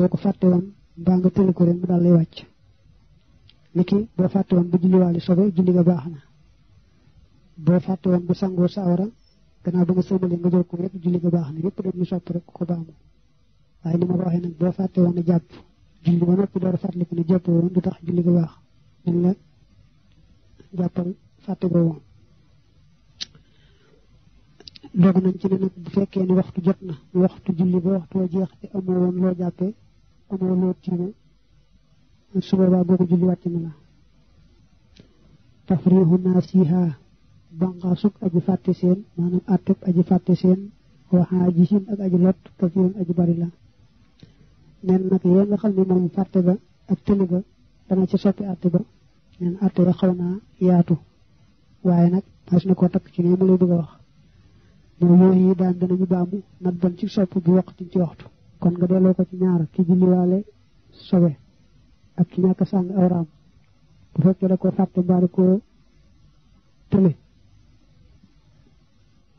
boo ko fàtte woon mbaa nga tële ko ren mu daal lay wàcc niki boo fàtte woon bu julliwaale sobe julli nga baax na boo fàtte woon bu sangoo sa awra gannaaw ba nga sëlmale nga jël ko rek julli nga baax na yëpp dañ ñu sopp rek ko baamu waaye ni ma ko nag boo fàtte woon a jàpp julli ba noppi door a fàttaliku ne jàpp woon du tax julli nga baax dañ la jàppal fàtte ko woon doog nañ ci ne nag bu fekkee ni waxtu jot na waxtu julli ba waxtu jeex te amoo woon loo jàppee amuloo loo tiime su boobaa boo ko julli wàcc na la tafriixu naasiha banqaasug aji fàtte seen maanaam àttub aji fàtte seen waxaa jisin ak aji lot kafiran aji bari la nen nag yoon nga xam ne moom fàtte ba ak tële dana ci soppi àtte ba nen àtte ba xaw naa yaatu waaye nag mas na koo takk ci ne mu lay bëgg a wax mooy yooyu yi daan danañu baamu nat ban ci sopp bi waxtu ci waxtu kon nga delloo ko ci ñaar ki julliwaale sobe ak ki ñàkk sàng awraam bu fekkee da ko fàtte mbaa da ko tële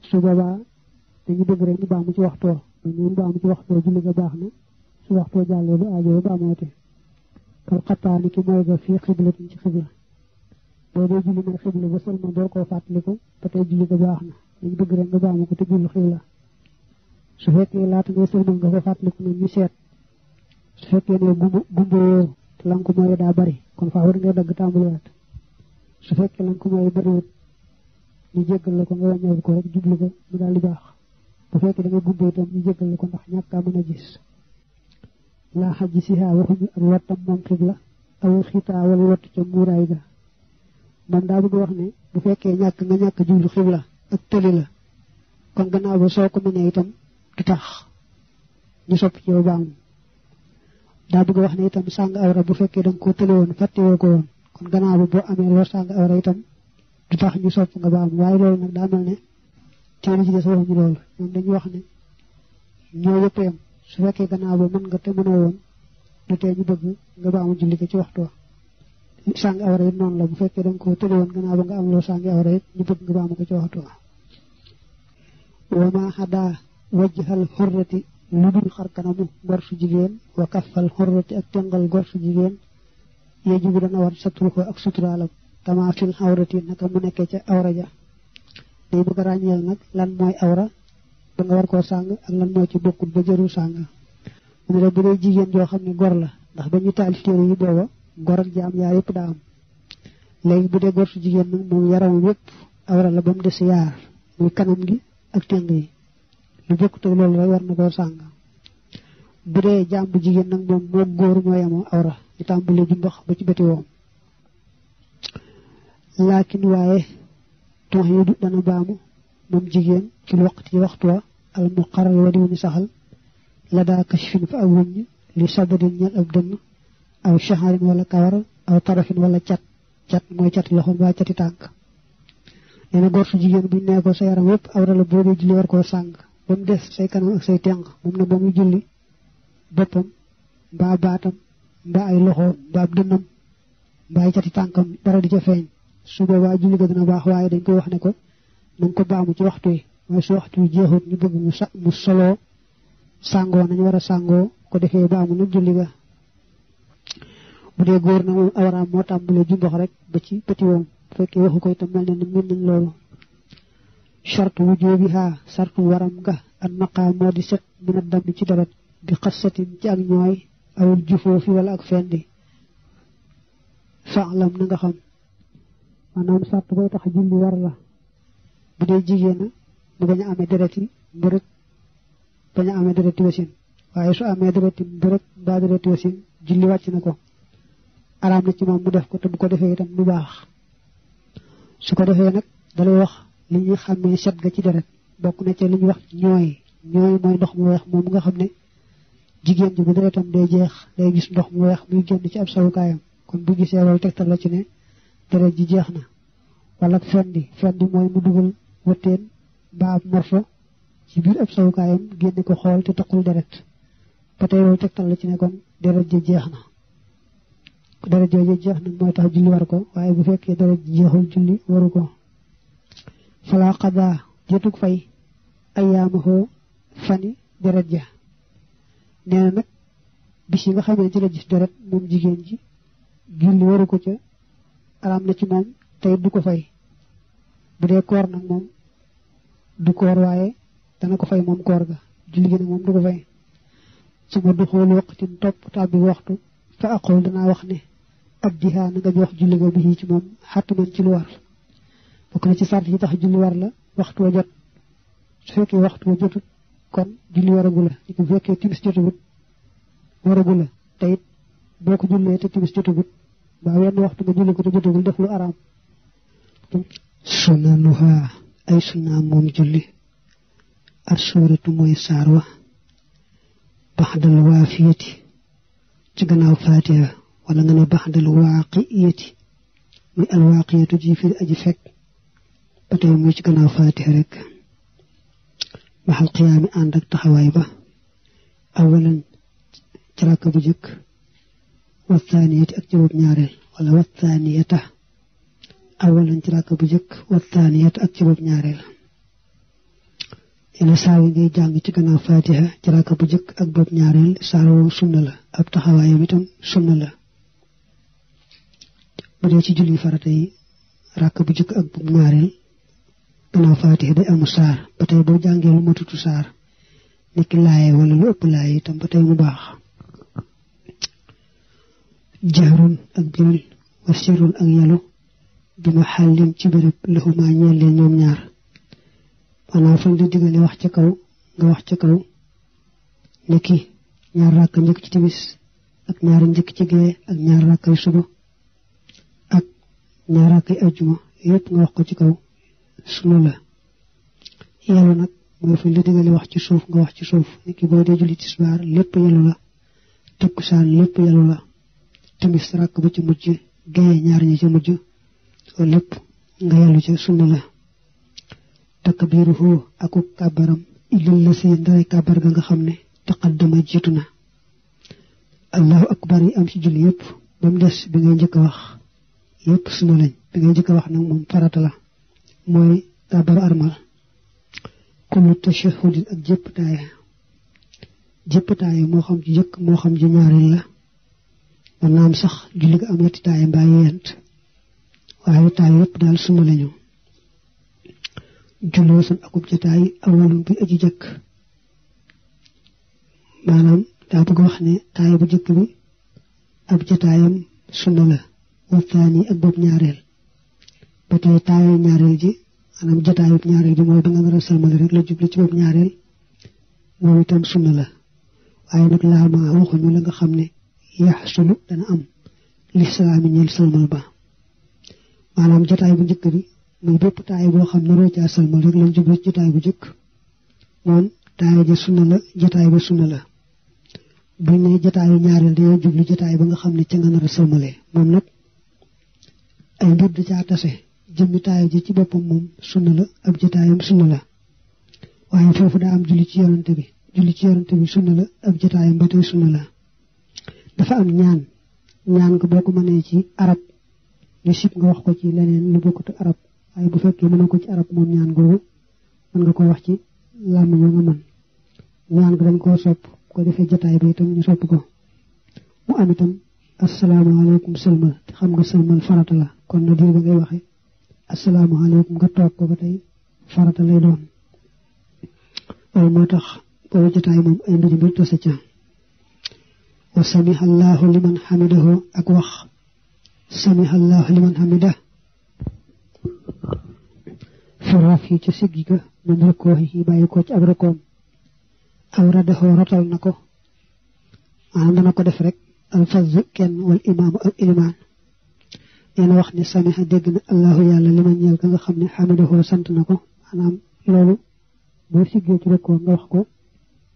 su boobaa dañu bëgg rek ñu baax mu ci waxtoo ñun baax mu ci waxtoo julli nga baax na su waxtoo jàllee lu aajo ba amoote kal xataa ni ki mooy ga fii xibla ci xibla boo dee julli nga xibla ba sëlma doo koo fàttaliku ba tey julli nga baax na dañu bëgg rek nga baax ko te julli la su fekkee laata ngay sëlmal nga ko fàttaliku ne ñu seet su fekkee ne gumboyoo te la ko mooyee daa bari kon faa war ngay dagg tàmbaliwaat su fekkee la ko mooyee bariwut ñu jéggal la ko nga wàññeeku ko rek jublu mu daal di baax bu fekkee da nga gumboo itam ñu jéggal la ko ndax ñàkk a mën a gis laa xaj si haa waxuñu ak wattam moom xibla aw xitaa wala wattu ca muuraay ga moom daa bëgg wax ne bu fekkee ñàkk nga ñàkk jublu xibla ak tëli kon gannaaw ba soo itam du tax ñu sopp ci yow baamu daa bëgg wax ne itam sàng awra bu fekkee da nga ko tële woon ko woon kon gannaaw bi boo amee loo sàng awra itam du tax ñu sopp nga baamu waaye loolu nag daa mel ne coono ci des waxuñu loolu ñoom dañuy wax ne ñoo yëpp yam su fekkee ganaar ba mën nga te mënoo woon du tee ñu bëgg nga baamu julli ko ci waxtu wa sàng awra it noonu la bu fekkee da nga ko tële woon gannaaw ba nga am loo sàng awra it ñu bëgg nga baamu ko ci waxtu wa wajjal xorrati lu dul xar kanamu gor su jigéen wa kaffal xorrati ak tengal gor su jigéen yeejubu dana war satru ko ak suturaalam kama fil awrati naka mu nekkee ca awra ja day bëgg a ràññeel nag lan mooy awra ba ci bokkul ba jëru sàng mu ne bu dee jigéen joo xam ne gor la ndax ba ñu taalif téere yi booba gor ak jaam yaa yëpp daa am léegi bu dee gor su jigéen nag moom yaram yëpp awra la ba mu des yaar muy kanam gi ak teng yi lu bokkut ak loolu rek war na koo sàng bu dee jigéen nag moom moo góor ñoo yemoo awra ñu tàmbalee ju ndox ba ci bëti woom laakin waaye tox yi du dana baamu moom jigéen ci waxtu ci waxtu wa al muqarrar wa di wuñu saxal la daa kashfin fa ak wuññ li sabadin ñel ab dënn aw shaharin wala kawar aw tarafin wala cat cat mooy cati loxo mbaa cati tànk nee na jigéen buñ nee ko sa yaram yëpp awra la boo julli war koo sàng ba mu des say kanam ak say tenq moom na ba mu julli boppam mbaa baatam mbaa ay loxoom mbaa dënnam mbaa ay cati tànkam dara di ca feeñ su boobaa julli ga dina baax waaye dañ koy wax ne ko na nga ko baamu ci waxtu yi mooy su waxtu yi jeexut ñu bëgg mu sa mu nañu war a sàngoo ko defee baamu nag julli ga bu dee góor na moom awraam moo tàmbalee jumbox rek ba ci pëti woom bu fekkee waxu koy itam mel ne ni mën nañ loolu shartu wujubiha sartu waram nga an maqaam moo di set mën a dam ci deret bi xassatin ci ak ñooy awul jufoo fi wala ak fendi faalam na nga xam maanaam sart booy tax julli war la bu dee jigéena mu bañ a amee dereti mbërëg bañ a amee dereti wasin waaye su amee dereti mbërëg mbaa dereti wasin julli wàcc na ko araam na ci moom mu def ko te bu ko defee itam lu baax su ko defee nag dalay wax li ñuy xam mooy set ga ci deret bokk na ca li ñuy wax ñooy mooy ndox mu weex moom nga xam ne jigéen ji bu deretam day jeex day gis ndox mu weex muy génn ci ab sawukaayam kon bu gisee loolu tegtal la ci ne deret ji jeex na wala fendi fendi mooy mu dugal ab morfo ci ko xool te deret ba tey loolu tegtal la ci ne kon deret ji jeex na deret jooju jeex na mooy tax julli war ko waaye bu fekkee deret ji jeexul julli waru ko fala xadaa jotug fay ayaamahoo fani deret ja nee nag bis yi nga xamee ci la gis deret moom jigéen ji julli waru ko ca araam na ci moom tey du ko fay bu dee koor nag moom du koor waaye ko fay moom koor ga julli gi nag moom du ko fay suma du xool waqtin topp tàbbi waxtu fa aqul danaa wax ne ab dihaa na nga jox julli ga bi ci moom xàttuman ci lu war bokk na ci sart yi tax julli war la waxtu wa jot su fekkee waxtu wa jotut kon julli waragu la bu fekkee timis jotagut waragu la te it boo ko jullee te timis jotagut ba wenn waxtu nga julli ko te jotagul def lu araam sunanuha ay sunaa moom julli ar suuratu mooy saar wa baxdal waafiyati ci gannaaw faatiha wala nga ne baxdal waaqiyati muy alwaaqiyatu ji firi aji fekk ba tey muy ci gannaaw faatiha rek maxal xiyaami ànd ak taxawaay ba awalan ci ràkk bu jëkk wathaaniyati ak juróom ñaareel wala wathaaniyata awalan ci ràkk bu jëkk wathaaniyata ak juróom ñaareel ina saa yi ngay jàng ci gannaaw faatiha ci ràkk bu jëkk ak boob ñaareel saar woowu sunna la ab taxawaayam itam sunna la bu dee ci julli farata yi ràkk bu jëkk ak boob ñaareel balaa faatiha day amu saar ba tey boo jàngee lu matutu saar niki laaye wala lu ëpp laaye itam ba tey mu baax jahrun ak biral wa sirrun ak yalu bi ma xàllin ci béréb laxumaa ñeel leen ñoom ñaar maanaam fan diggale wax ca kaw nga wax ca kaw niki ñaar ràkk njëkk ci timis ak ñaari njëkk ci gee ak ñaar ràkkay suba ak ñaar ràkkay ajjuma yépp nga wax ko ci kaw sunna la yellu nag mooy fu ñu la digale wax ci suuf nga wax ci suuf nit ki boo dee julli tisbaar lépp yellu la takkusaan lépp yellu la timis rakk ba ci mujj géeye ñaar ñi ci mujj loolu lépp nga yellu ci sunna la takbiiruhu aku kàbbaram illal la si ndaray kàbbar ga nga xam ne taqaddama jiitu na allahu akbar yi am ci julli yëpp ba mu des bi ngay njëkk a wax yëpp sunna lañ bi ngay njëkk a wax nag moom farata la mooy kàbbaru armal comme tashahudin ak jëpp taaya jëpp taaya moo xam ji jëkk moo xam ji ñaareel la waaye taaya yëpp daal suma lañu julloo san akub jataay awalum bi aji jëkk maanaam daa bëgg wax ne taaya bu jëkk bi ab jataayam suma la waxtaan yi ak bopp ñaareel ba tey ba a sëlmal rek la jublu ci bopp ñaareel sunna la waaye nag laa xam ne yaxsulu dana am bu njëkk bi muy bépp taay boo xam ne roocaa bu njëkk moom taay ja sunna la jotaay ba sunna la buñ ne jotaayu ñaareel dañoo jublu jotaay ba nga xam ne ca nga nar a sëlmalee moom nag ay mbir da caa tase jëmmi taaya ji ci boppam moom sunna la ab jataayam sunna la waaye foofu daa am julli ci yonante bi julli ci yonante bi sunna la ab jataayam ba tey sunna la dafa am ñaan ñaan ko boo ko mënee ci arab ñu sib nga wax ko ci leneen lu bokkut arab waaye bu fekkee mënoo ko ci arab moom ñaan googu mën nga wax ci làmm yo nga mën ñaan ko dañ koo sopp ko defee jataay bi itam ñu sopp ko mu am itam asalaamaaleykum sëlmal te xam nga sëlmal farata la kon na diir ba ngay waxe asalaamaaleykum nga toog ko ba tey farata lay doon loolu moo tax boobu jotaay moom ay mbir mbir tasa ca wa samiha allahu liman xamidahu ak wax samiha allahu liman xamida firaaf yi ca siggi ga min rëkkoo yi bàyyi ko ci ab rëkkoom aw radaxoo rotal na ko maanaam dana ko def rek alfaz kenn wal imaamu ak ilimaan yàlla wax ni samiha dégg na allahu yàlla li ma ñeel ka nga xam ne xamidahu sant na ko maanaam loolu boo siggee ci rek ko nga wax ko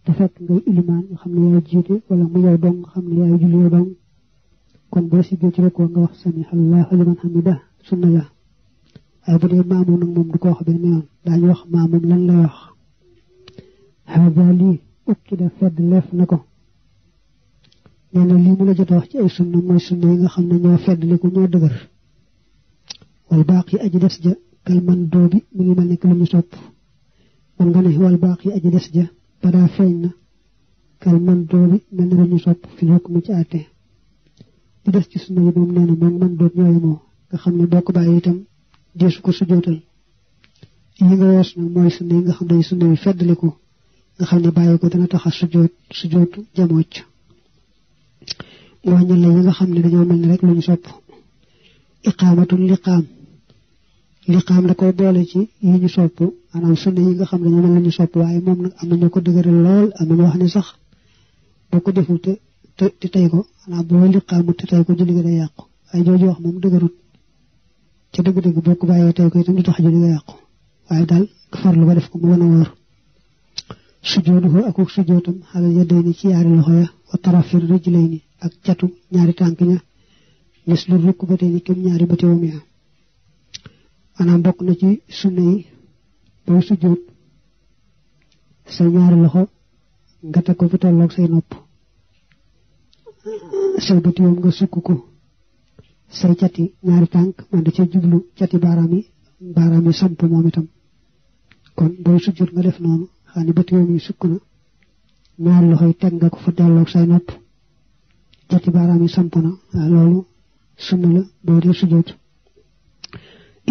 te fekk ngay ilimaan nga xam ne mu yow dong nga xam ne ci rek ko wax samiha allahu liman hamida sunna la waaye bu dee maamu nag moom du ko wax benn yoon daañu wax maamum lan lay wax hada lii ukki da fedd leef na ko nee na lii mu la jot a wax ci ay sunna mooy sunna yi nga xam ne ñoo feddliku ñoo dëgër wal baax yi aji des ja kal mu ngi mel nekk lu ñu sopp man nga ne wal baax yi ja badaa feeñ na kal man doobi mel na lu ñu sopp fi yokk mu ci àtte di des ci sunna yi moom nee na moom man doob ñoo yemoo nga xam ne boo ko bàyyi itam deesu ko sujootal yi nga wees nag mooy sunna yi nga xam ne sunna yi ko nga xam ne bàyyi ko dana tax a sujoot sujootu jamooc yoo ñële yi nga xam ne dañoo mel ni rek lu ñu sopp iqaamatul liqaam liqaam da koy boole ci yi ñu sopp maanaam sunna yi nga xam ne dañoo mel lu ñu sopp waaye sax boo ko deful te te ko maanaam boo liqaamu te ko julli nga day yàqu waaye jooju wax moom dëgërut ca dëgg-dëgg boo ko ko def ko mu a wóor sujjoodu ko ak sujjootam xalal ci yaari loxo ya wa tarafir rijlay ni ak catu ñaari tànk ña nes lu rukk ba tey ni kem ñaari bëtiwam ya maanaam bokk na ci sunna yi boo sujjóot sa ñaari loxo nga teg ko bu tolloog say nopp say bëtiwam nga sukk ko say cati ñaari tànk man da cee jublu cati baaraam yi baaraam yi samp moom itam kon booy sujjóot nga def noonu xam bëtiwam yi sukk na ñaari loxo yi teg nga ko fa tolloog say nopp joti baaraam yi samp na loolu sunna la boo dee sujjóot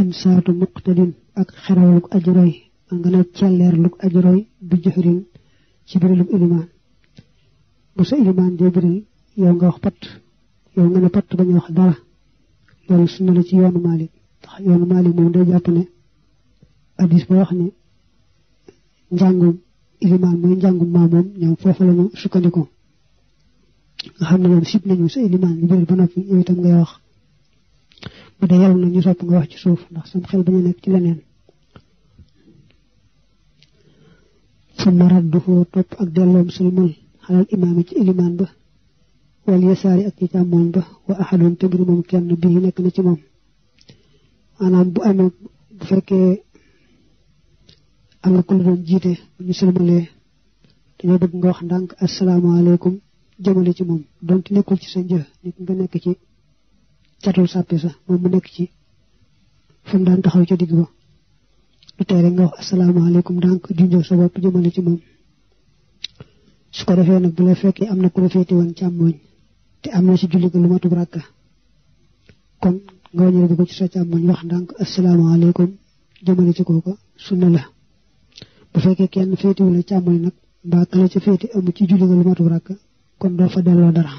imsaatu muqtadin ak xerawluk ajuroy nga ne celleerluk ajuroy bi joxurin ci birilub ilimaan bu sa ilimaan dee biril yow nga wax pat yow nga ne pat bañ a wax dara loolu sunna ci yoonu Maalik ndax yoonu Maalik moom day jàpp ne addis ba wax ne njàngum ilimaan mooy njàngum maamoom ñoom foofu ñu sukkandiku nga xam ne ñoom sib nañu sa ilimaan li ba noppi yow itam ngay wax bu dee yàlla na sopp nga wax ci suuf ndax sam xel bañu nekk ci leneen summa radduhu topp ak delloom sulmul xalal imaam ci ilimaan ba wal yasaari ak ci càmmooñ ba wa ahadun te mbir moom kenn bii nekk na ci moom maanaam bu amee bu fekkee am na ku la doon jiite bu ñu sulmalee dañoo bëgg nga wax ndànk asalaamaaleykum jëmale ci moom donte nekkul ci sa jëf nit nga nekk ci catul sàppe sa moom mu nekk ci fa mu daan taxaw ca digg ba lu tey nga wax asalaamaaleykum donc junjoo sa bopp jëmale ci moom su ko defee nag bu la fekkee am na ku la féete woon càmmooñ te am na ci julli ga lu matub rakka kon nga wàññi bi ci sa càmmooñ wax donc asalaamaaleykum jëmale ci kooka sunna la bu fekkee kenn féete la càmmooñ nag mbaa ka la ca féete amu ci julli ga lu matub rakka kon doo fa delloo dara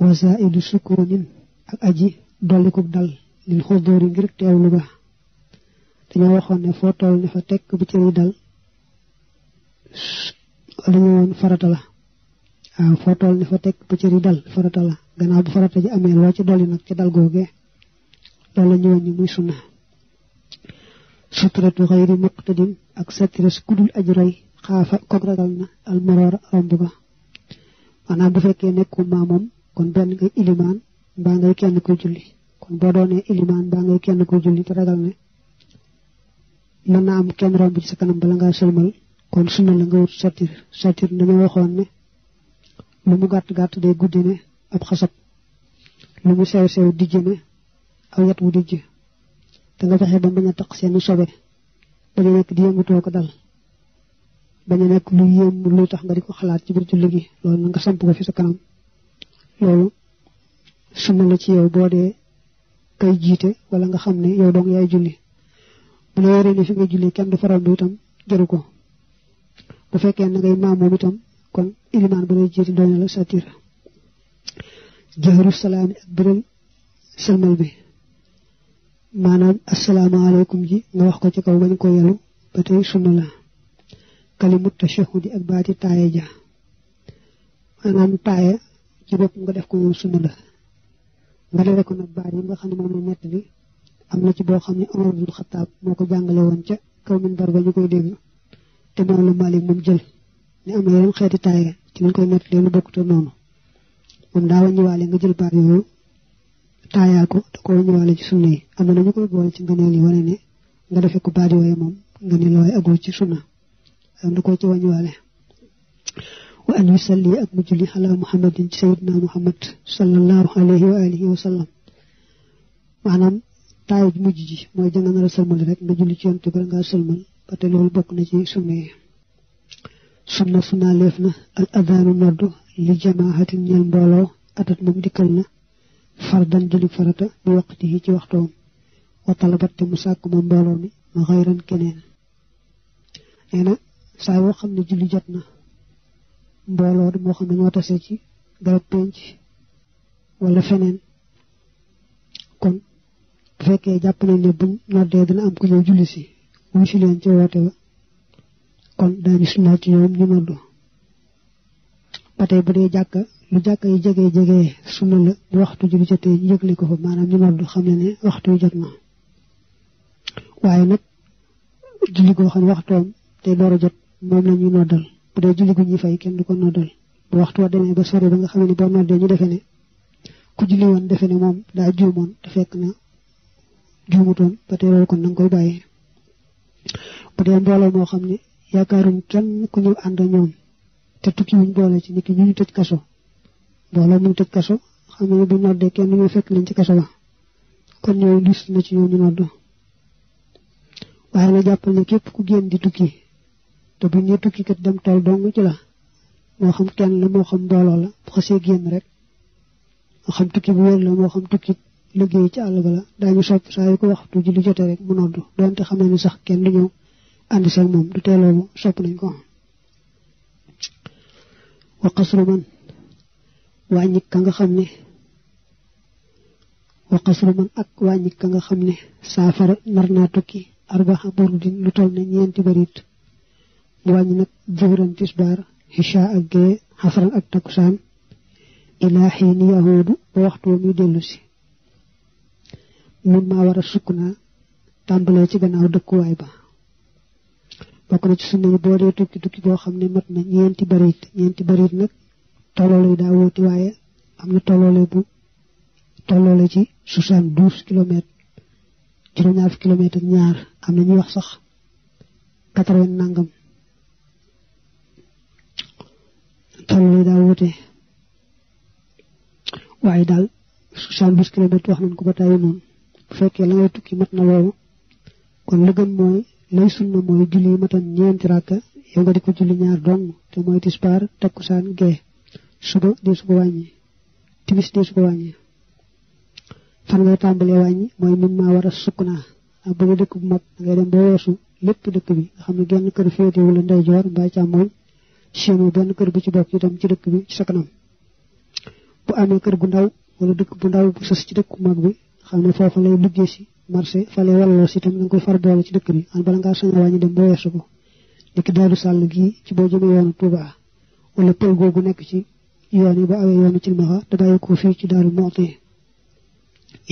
wasaidu sukoonin ak aji dollikuk dal lil xudóori ngir teewlu ga dañoo waxoon ne foo toll ne fa tekk bu cër yi dal dañu woon farata la waaw foo toll ne fa tekk bu cër yi dal gannaaw bu farata ji amee loo ci dolli nag ci dal googee loolu la ñu woon muy sunna sutratu xayri muqtadin ak satira si kudul aji roy xaafa kooku ragal na almaroora romb ga maanaam bu fekkee nekku maa moom kon benn ngay ilimaan mbaa ngay kenn koy julli kon boo doonee ilimaan mbaa ngay kenn koy julli te ragal ne mën naa am kenn romb ci sa kanam bala ngaa sëlmal kon sunna la nga wut satir satir dañoo waxoon ne lu mu gàtt gàtt day guddi ne ab xasab lu mu sew sew dijj ne aw yat wu dijj te nga fexe ba bañ a taq seeni sobe dañu nekk di yëngutoo ko dal bañ a nekk lu yéem luy tax nga di ko xalaat ci biir julli gi loolu nga samp ko fi sa kanam loolu sunna la ci yow boo dee kay jiite wala nga xam ne yow dong yaay julli bu la yoree fi nga julli kenn du faral bi tam jëru ko bu fekkee na ngay maamoom kon ilimaan bu lay jiite doy na la satira ak biral sëlmal bi maanaam asalaamaaleykum ji nga wax ko ci kaw bañ ko yelu ba tey sunna la kalimu tashahudi ak baati taaye ja maanaam taaye ci bopp def ko moom sunna la nga nag baat yi nga xam ne moom la nettali na ci boo xam ne Omar bun moo ko jàngale ca kaw min ñu koy dégg te moom la Malik moom jël ne am xeeti taaye ci lañ koy nettalee lu bokkute noonu moom daa wàññiwaale nga jël baat yooyu taayaa ko da ko wàññiwaale ci sunna yi am na ñu koy boole ci ngëneel yi wane ne nga defee ko baat yooyu moom nga ne looy agoo ci sunna am na ko ci wàññiwaale wa an yusalli ak mu julli ala muhammadin ci sayidna muhammad sallallahu alayhi wa alihi maanaam taay bu mujj ji mooy janga nar a sëlmal rek nga julli ci yonte bala ngaa sëlmal ba te loolu bokk na ci sunna sunna sunna leef na al adaanu li jamaahatin ñeel mbooloo atat moom dikkal na fardan julli farata bi waqtihi ci waxtoom wa talabat te mu sàkk mbooloo mi ma xayran keneen nee saa yoo xam ne julli jot na mbooloo moo xam ne ñoo tase ci garab penc wala feneen kon bu fekkee jàpp nañ ne buñ noddee dina am ku ñëw julli si wuy si leen ci woote ba kon daani sunna ci ñoom ñu noddu ba tey bu dee jàkka lu jàkka yi jege jege sunna la bu waxtu julli jotee ñu yëgle ko fa maanaam ñu noddu xam ne ne waxtu yu jot na waaye nag julli goo xam waxtoom te door a jot moom la ñuy noddal bu dee julli gu ñuy fay kenn du ko noddal bu waxtu wa demee ba sore ba nga xam ne boo noddee ñu defe ne ku julli woon defe ne moom daa juumoon te fekk na juumutoon ba tey loolu kon na koy bàyyi bu dee mbooloo moo xam ne yaakaaruñ kenn ku ñëw ànd ak ñoom te tukki wuñ boole ci nit ki ñu ñu tëj kaso mbooloo mu ñu tëj kaso xam ne bu noddee kenn ñu fekk leen ci kaso ba kon ñooy lus na ci ñoom ñu nodd waaye na jàppal ne képp ku génn di tukki te bu ñuy tukki kat dem tool dong ci la moo xam kenn la moo xam mbooloo la bu xasee génn rek moo xam tukki bu wér la moo xam tukki liggéey ci àll ba la daañu sopp saa yu ko waxtu ji lu jotee rek mu noddu doonte xam ne ni sax kenn du ñëw ànd seeg moom du tee loolu sopp nañ ko wa qasru man nga xam ne wa qasru saafara nar naa tukki arbaxa burdin lu toll ne ñeenti barit mu wàññi nag jibran tisbaar xichaa ak gee xasaran ak takkusaan ilaa xiini yahuudu ba waxtu wa muy dellu mun maa war sukk naa tàmbalee ci gannaaw dëkkuwaay ba bokk na ci sunna yi boo dee tukki tukki boo xam ne mat na ñeenti barit nag tolloole yi daa wóoti waaye am na tolloole ci soixante-douze kilomètres juróom-ñaar ak ñaar am na wax sax quatre nangam tollu daa wute waaye daal soixante douze kilomètres wax nañ ko ba tàyyi noonu bu fekkee la ngay tukki mat na loolu kon la gën mooy lay sunna mooy julli yi matan ñeenti ràkka nga di ko julli ñaar dong te mooy tisbaar takkusaan gee suba dee su ko wàññi timis dee su ko wàññi fan ngay tàmbalee mooy min maa war a sukk naa ak bu dee dëkk bu mag ngay dem ba weesu lépp dëkk bi nga xam ne genn kër féetewul ndeyjoor mbaa càmmooñ chamo benn kër bu ci bokk itam ci dëkk bi ci sa kanam bu amee kër gu ndaw wala dëkk bu ndaw bu sës ci dëkk bu mag bi xam ne foofa lay liggéey si marché fa lay walloo si itam da nga far boole ci dëkk bi an bala ngaa sañ a wàññi dem boo weesu ko nekk daaru sàll gii ci boo jëmee yoonu Touba wala pël googu nekk ci yoon yi ba awee yoonu cilmaxa te bàyyi ko fii ci daaru Moxti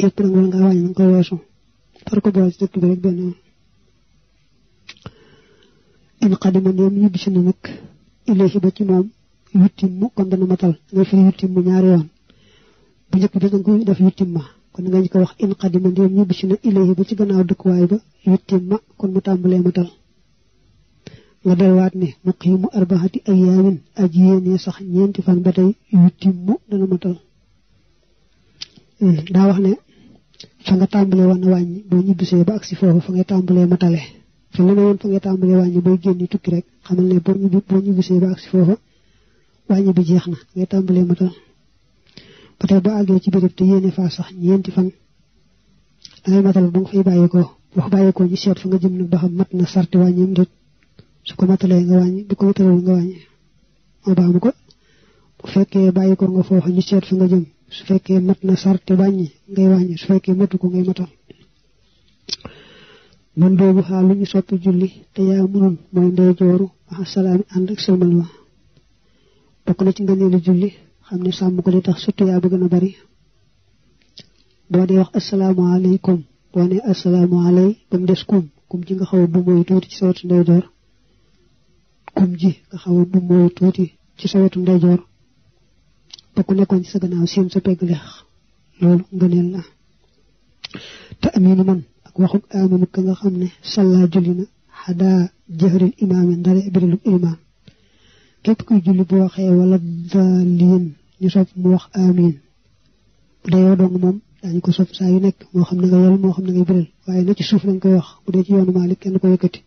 yëpp nag wala ngaa wàññi da nga koy weesu far ko boole ci dëkk bi rek benn in xadima ilayhi ba ci moom yuttimmu kon dana matal nga fi yuttimmu ñaari yoon bu njëkk bi danga koy def yuttimma kon nga ñu ko wax in qadima ndéem ñibbi si na ilayhi ba ci gannaaw dëkkuwaay ba yuttimma kon mu tàmbalee matal nga delluwaat ne muqiimu arbaxati ayaamin aji yéene sax ñeenti fan ba tey yuttimmu dana matal hmm, daa wax ne fa nga tàmbalee woon na wàññi boo ñibbisee ba agsi foofu fa ngay tàmbalee matale fi la ne woon fa nga tàmbalee wàññi booy génn tukki rek xamal ne boo ñibbi boo ñibbisee bi jeex na ngay tàmbalee matal ba tey ci béréb te yéene faa sax ñeenti fan dangay matal ba nga fay bàyyeekoo wax ñu seet fa nga jëm nag ba xam mat na sarti wàññeem déet su ko matalee nga wàññi bu ko matalewul nga wàññi bu fekkee bàyyeekoo nga foofa ñu seet fa nga jëm su fekkee mat na sarti wàññi ngay wàññi su fekkee matu ko ngay matal man doobu xaalu ñu soppi julli te yaa mënoon mooy ndeyjooru maxa ah salaami ànd ak sëlmal wa bokk na ci ngëneelu julli xam ne sàmm ko li tax surtout yaa bëgg na bari boo dee wax asalaamaaleykum boo ne asalaamaaley ba mu des kum kum ji nga xaw a bu mooy tuuti ci sa wetu ndeyjoor kum ci sa wetu ndeyjoor bokk nekkoon ci sa gannaaw seen sa pegg loolu ngëneel la te amiinu man waxuk aminu ka nga xam ne salla julli na xadaa jëhril imaami ndare biralu imaam képp kuy julli bu waxee wala daaliin ñu sopp mu wax amin bu dee yow dong moom daañu ko sopp saa yu nekk moo xam ne nga yel moo xam ne ngay biral waaye na ci suuf lañ koy wax bu dee ci yoonu Maalik kenn ko yëkkati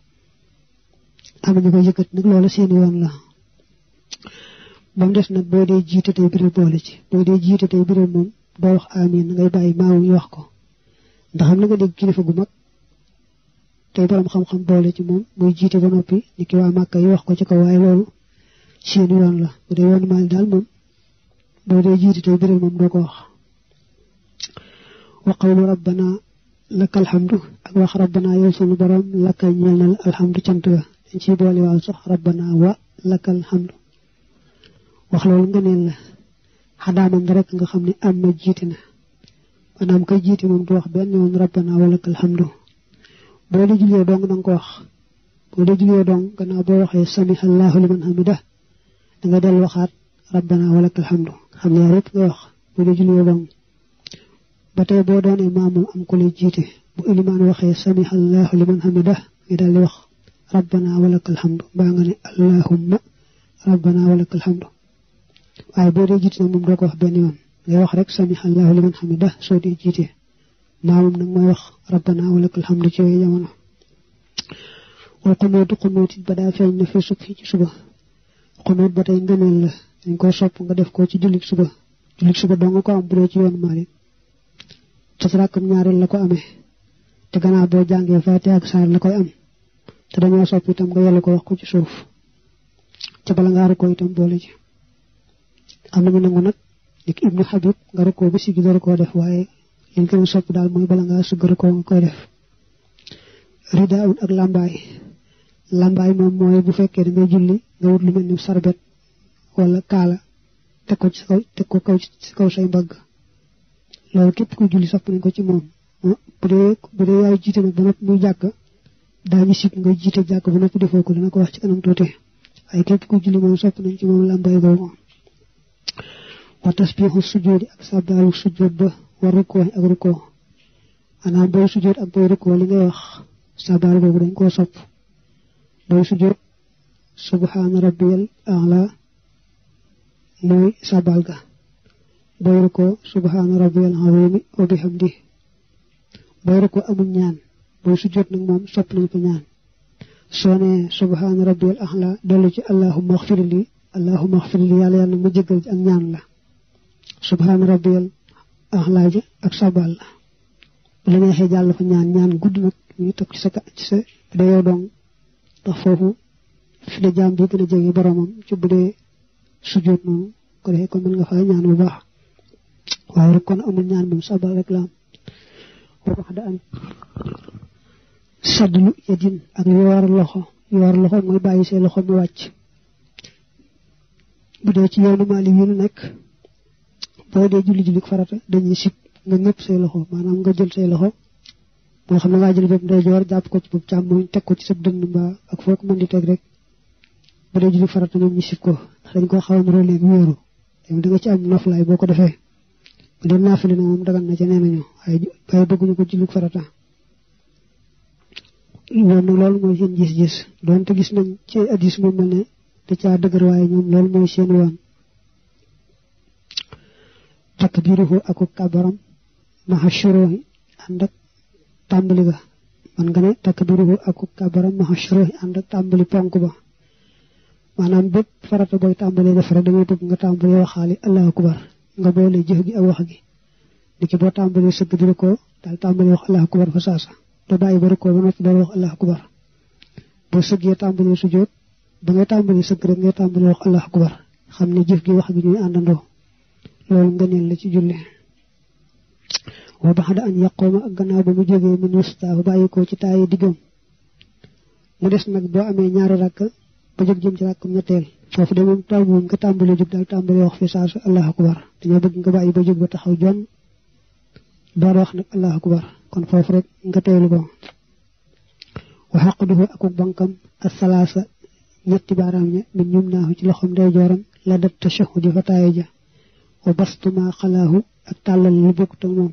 am na ñu koy yëkkati nag loola seen yoon la ba des nag boo dee jiite tey biral boole ci boo dee jiite tey biral moom doo wax amin ngay bàyyi maaw wax ko ndax am na nga dégg kilifa gu mag tey borom xam-xam boole ci moom muy jiite ba noppi ni waa Màkka yi wax ko ci kaw waaye loolu seeni yoon la bu dee yoonu Maalik daal moom boo dee jiite tey biral moom doo ko wax wa qawlu rabbana laka alhamdu ak wax rabbana yow sunu borom laka ñeel na la alhamdu cant ga dañ ciy boole waaw sax rabbana wa laka alhamdu wax loolu nga neen la xadaamam rek nga xam ne am na jiite na maanaam kay jiite moom du wax benn yoon rabbana walakal hamdu boo dee jullee dong danga ko wax boo dee jullee dong gannaaw boo waxee samiha allahu liman hamida danga del waxaat rabbana walakal hamdu xam ne rek nga wax boo dee jullee dong ba te boo doonee maamu am ku lay jiite bu ilimaan waxee samiha allahu liman hamida nga daal di wax rabbana walakal hamdu mbaa nga ne allahumma rabbana walakal hamdu waaye boo dee jiite nag moom doo ko wax benn yoon ngay wax rek samiha allahu liman hamida soo dee jiite maamum nag mooy wax rabbana walakal hamdu ci yooyu jamono wal xunuutu xunuutit ba daa feeñ na fi subhi ci suba xunuut ba tey ngëneel la dañ koy sopp nga def ko ci jullit suba jullit suba doo nga ko am bu dee ci yoon Maalik tas rakkam ñaareel la ko amee te gannaaw boo jàngee Faatiha ak saar la koy am te dañoo sopp itam nga yàlla ko wax ko ci suuf ca bala ngaa ko boole ci am nañu nangu nag lik ibnu Habib nga rëkkoo ba siggi dara koo def waaye liñ gën a sopp daal mooy bala ngaa sugg rëkkoo nga koy def ridaawun ak làmbaay làmbaay moom mooy bu fekkee da ngay julli nga wut lu mel ni sarbet wala kaala teg ko ci kaw teg ko kaw kaw say mbagg loolu képp kuy julli sopp nañ ko ci moom ah, bu dee bu dee yaay jiite nag ba noppi muy jàkk daañu sib nga jiite jàkk ba noppi defoo ko dina ko wax ci anam tuuti waaye képp kuy julli moom sopp nañ ci moom làmbaay boobu wa tasbiixu sujjóot ak sàbbaalu sujjóot ba war rukkoo ak rukkoo maanaam booy sujjóot ak booy rukkoo li ngay wax sàbbaal boobu dañ koo sopp booy sujjóot subhaana rabbiyal a'la mooy sàbbaal ga booy rukkoo subhaana rabbiyal azimi wa bihamdi booy rukkoo amul ñaan booy sujjóot nag soo nee subhaana rabbiyal a'la dolli ci allahumma xfirli allahumma xfirli yàlla yàlla ma jéggal ci ak ñaan la subhaana rabbiyal a'laa ak sabal la bu la neexee jàll fa ñaan ñaan gudd nag ñu toog ci sa ci sa bu dee yow dong foofu fi la jaam bi gën a jege boromam ci bu sujjóot noonu ko defee kon mën nga faa ñaan bu baax waaye rek amul ñaan moom sabal rek la am da am saddlu yadin ak yoor loxo yoor loxo mooy bàyyi see loxo mu wàcc bu ci yoonu maali wi nekk boo dee julli julli farata dañuy sib nga ñëpp say loxo maanaam nga jël say loxo moo xam ne ngaa jël bopp ndeyjoor jàpp ko ci bopp càmmooñ teg ko ci sa dënn mbaa ak foo ko mën di teg rek bu dee julli farata koo xaw a niroo léegi wéeru da nga ci boo ko defee bu dee naafile na moom dagan na ca nee nañu waaye waaye bëgguñu ko julli farata ñoom nag loolu mooy seen gis-gis doonte gis nañ ci addis mu mel ne waaye ñoom loolu mooy seen yoon takbiruhu ak kabaram maxa shuruhi ànd ak tàmbali ba man nga ne takbiruhu ak kabaram maxa shuruhi ànd ak tàmbali ponk ba maanaam bépp farata booy tàmbalee def rek dangay bëgg nga tàmbalee waxaale allahu akbar nga boole jëf gi ak wax gi niki boo tàmbalee sëgg di ko daal tàmbalee wax allahu akbar fa saasa te bàyyi ba ko ba noppi wax allahu akbar boo sëggee tàmbalee sujjóot ba ngay tàmbalee sëgg rek ngay tàmbalee wax allahu akbar xam loolu ngëneel la ci julli wa baxda an yaqooma ak gannaaw ba mu jógee min wustaahu bàyyi ko ci taaye diggam mu des nag boo amee ñaari rakk ba jóg jëm ci rakkum ñetteel foofu de moom taw moom nga tàmbalee jóg daal tàmbalee wax fi saasu allahu akbar dañoo bëgg nga bàyyi ba jóg ba taxaw jon door wax nag allahu akbar kon foofu rek nga teelu ko wa xaqduhu akuk bankam ak salaasa ñetti baaraam ña min ñum naahu ci loxom ndeyjooram la dat tashahudi wa bastuma xalaahu ak tàllal lu bokkut ak moom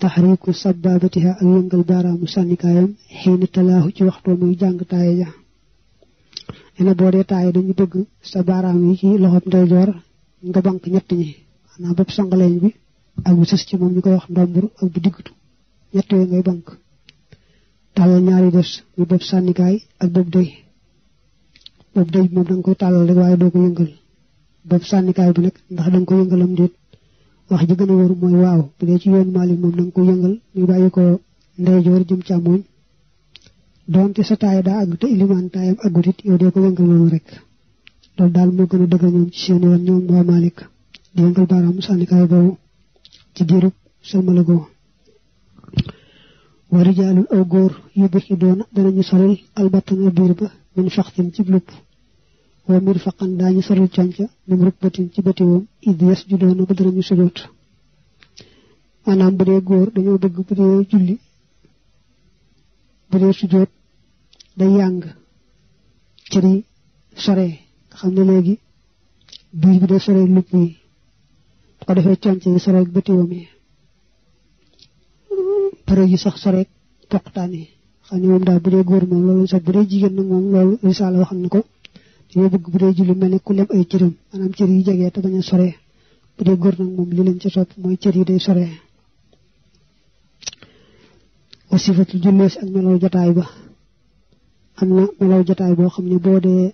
taxriiku sababatiha ak yëngal baaraamu sànnikaayam xiini talaahu ci waxtoo muy jàng taaya ja ene boo dee taaya dañu bëgg sa baaraam yi ci loxob ndeyjoor nga bank ñett ñi maanaam bopp songaleñ bi ak bu sës ci moom ñu koy wax ndombur ak bu diggutu ñett yooyu ngay bank tàllal ñaari des muy bopp sànnikaay ak bopp doy bopp doy moom danga koy tàllal rek waaye doo ko yëngal bopp sànnikaay bi nag ndax da ko yëngalam déet wax ji gën a mooy waaw bu dee ci yoon Maalik moom da nga ko yëngal ñu bàyyi ko ndeyjoor jëm càmmoñ doonte sa taay daa àgg te ilimaan taayam àggut it yow dee ko yëngal noonu rek loolu daal moo gën a dëgg ñoom ci seen yoon ñoom waa Maalik di yëngal baaraamu sànnikaay boobu ci diirub sëlmalagoo wa rijaalun aw góor yu bëri doon danañu solal albatana biir ba min faxtin ci lupp waa mbir faqan daañu soril conca nim ruk batin ci bëti woom id yes ju doona ba bu dee góor dañoo dëgg bu dee julli bu dee sujjóot day yàng cër yi nga xam ne léegi biir bi day sore lupp bu ko defee conca yi sore bëti yi pare yi sax sore poqtaan yi xam ne moom daal bu dee góor moom loolu sax bu dee jigéen nag moom loolu risaala waxam na ko li ma bëgg bu dee julli mel ni ku lem ay cëram maanaam cër yu jege te bañ a sore bu dee góor nag moom li lañ ci sopp mooy cër yi day sore wasifatul jullees ak melaw jataay ba am na jataay boo xam ne boo dee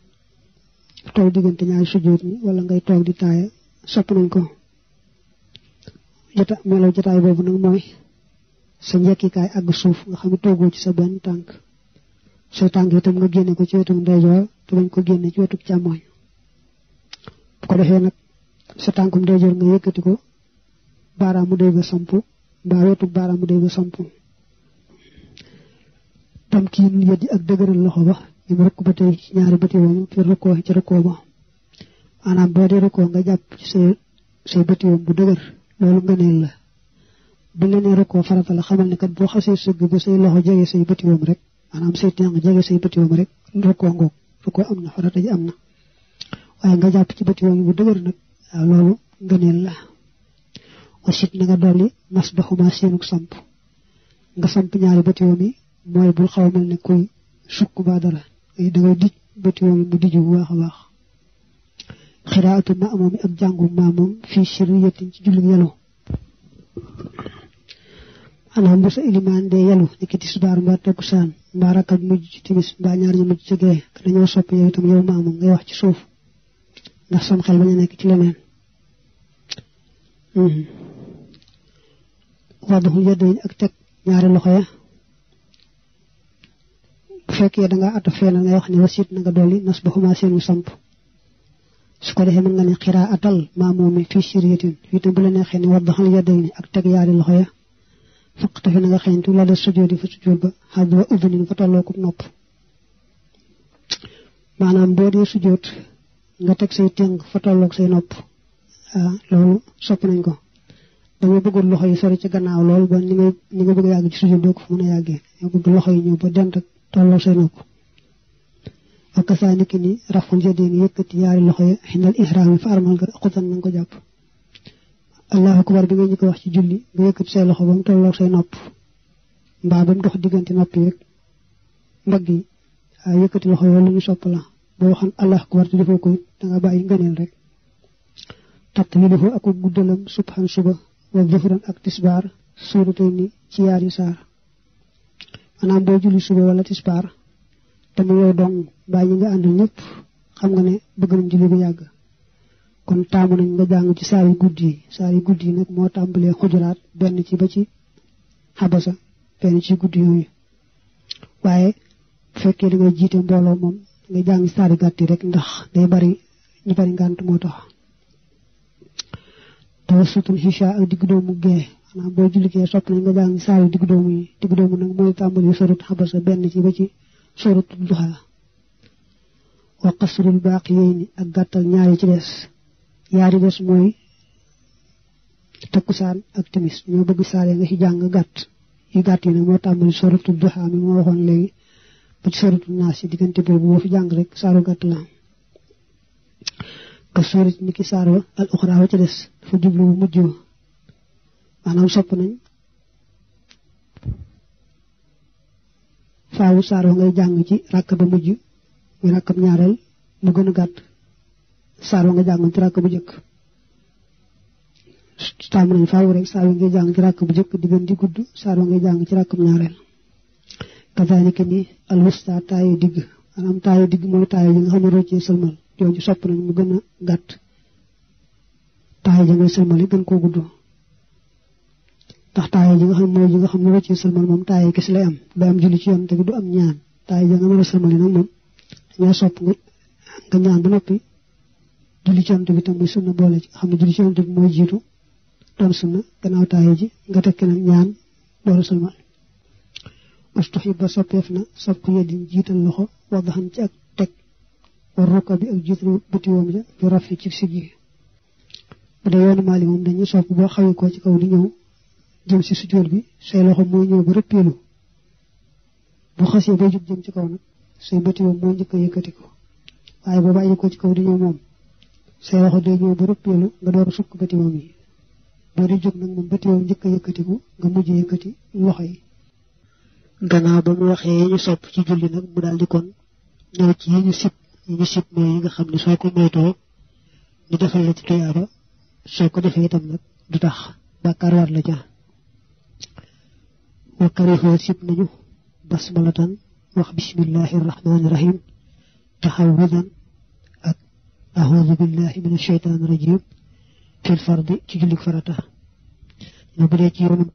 toog diggante ñaari sujjóot wala ngay toog di taaya sopp ko jota melaw jataay boobu nag mooy sa njekkikaay àgg suuf nga xam ne toogoo ci sa benn tànk say tànk itam nga génne ko ci wetam ndeyjoor te bañ ko génne ci wetu càmmooñ bu ko defee nag sa tànkum ndeyjoor nga yëkkati ko baaraamu day ba samp mbaa wetu baaraamu day ba samp tam kii yëddi ak dëgëral loxo ba ñu mu rëkk ba tey ci ñaari bëti ci rëkkoo ba maanaam boo dee rëkkoo nga jàpp ci say say bëti bu dëgër loolu ngëneel la bu la nee rëkkoo farata xamal ne kat boo xasee sëgg ba say loxo jege say bëti rek maanaam say tànk jege say bëti woom rek rëkkoo ngoog fukk am na farata ji am na waaye nga jàpp ci bët yooyu bu dëgër nag waaw loolu ngëneel la wasit na nga dolli mas baxuma seenug samp nga samp ñaari bët yoo mi mooy dara ay dangay dij bët yoo mu dijju bu baax a baax xiraatu ma amoom yi ak jàngu maamoom fii sirriyatin ci jullit yeloo alxam bu sa ilimaan dee baar niki tisbaar mbaa takkusaan mbaa rakka bi mujj ci timis mbaa ñaar ñu mujj ci gee dañoo sopp yow maamu ngay wax ci suuf ndax sam xel bañ a nekk ci leneen hmm. wadduxul yeddañ ak teg ñaari loxo ya bu fekkee danga atta feenal ngay wax ni wasit na nga dolli nas ba xumaa seen mu samp su ko defee mën nga ne xiraa atal maamoom mi fii siriyatin fii te bu la neexee ne wadduxul yeddañ ak teg ñaari loxo ya faqtahil nga xeeñtu la des sujjóot yi fa sujjóot ba xadra udhunin fa tollooku nopp maanaam boo dee sujjóot nga teg say tëng fa tolloog say nopp ah, loolu sopp nañ ko dama bëggoon loxo yi sori ci gannaaw loolu ba ni nga bëgg yàgg ci sujjóot doo ko fa mën a yàggee nga bëgg loxo yi ñëw ba dent ak tolloog say nopp ak saa niki ni rafon jadeen yëkkati yaari loxo yi xindal ihraam yi fa armal nga xutan nañ ko jàpp allahu akbar bi nga ñu ko wax ci julli nga yëkkati say loxo ba mu tolloog say nopp mbaa ba mu dox diggante nopp yi rek mbagg yi waaye ah, yëkkati loxo yooyu lu ñu sopp la boo waxoon allahu akbar te defoo ko danga bàyyi ngëneel rek tatt li defoo ak guddalam subhan suba wa jëfuran ak tisbaar suuratay ni ci yaari saar maanaam boo julli suba wala tisbaar te mu yow dong mbaa nga àndul ñëpp xam nga ne bëgg nañ julli bu yàgg kon taamu nañ nga jàng ci saari guddi yi saari guddi yi nag moo tàmbalee xujuraat benn ci ba ci xabasa benn ci guddi yooyu waaye bu fekkee da jiite mbooloo moom nga jàng saari gàtt yi rek ndax day bari ñu bari ngànt moo tax tawassutul xisha ak diggu doomu xanaa boo jullikee sopp nañ nga jàng saari diggu doomu yi diggu doomu nag mooy tàmbalee sorut xabasa benn ci ba ci sorut duxa wa qasrul baaqiyayni ak gàttal ñaari ci des yaari bés mooy takkusaan ak timis ñoo bëgg saale nga ci jàng gàtt yi gàtt yi nag moo tàmbali soratu duhaa mi moo waxoon léegi ci diggante boobu boo fi jàng rek saaru gàtt la ka sorit ni saar wa al uxraa wa ca des dafa jublu mujj wa maanaam sopp nañ faawu saar wa ngay jàng ci ràkk ba mujj muy ràkkam ñaareel mu gën gàtt saar wa nga jàng ci ràkk bu njëkk tàmm nañ faaw rek saar wa ngay jàng ci ràkk bu njëkk di di gudd saar wa ngay jàng ci ràkk bu ñaareel kazaalika ni alwusta taayu digg maanaam taayu digg mooy taayu ji nga xam ne roccee sëlmal jooju sopp nañ mu gën a gàtt mooy ji nga xam ne roccee sëlmal moom taayu kese lay am du am julli ci yoon te du am ñaan taayu ji nga mën a sëlmal nag moom dañoo sopp nga ñaan ba noppi julli ci yonent bi tam muy sunna boole ci xam ne julli ci yonent bi mooy jiitu doon sunna gannaaw taaye ji nga tekki nag ñaan dooru salmal astox yi ba soppeef na sopp yedin jiital loxo wadda xam ci ak bi ak jiital buti woom ja bi ci kaw di ñëw jëm bi loxo mooy ñëw ba ci kaw nag say buti woom moo njëkk yëkkati ko waaye boo bàyyi ko ci kaw di ñëw moom say waxu day ñëw ba a sukk batiwoom yi boo di jóg nag moom batiwoom njëkk a yëkkatiku nga mujj yëkkati loxo yi gannaaw ba mu waxee yi ñu sopp ci julli nag mu daal kon ñëw ci yi ñu sib mooy yi nga xam ne soo ko moytoo ñu defal la ci tuyaaba soo ko defee itam nag du tax bàkkaar war la ca wa karihoo sib nañu basmalatan wax bismillahi taxaw widan ahoudu billahi min asheytan rajim fil fardi ci jullik farata na bu dee ci yoonu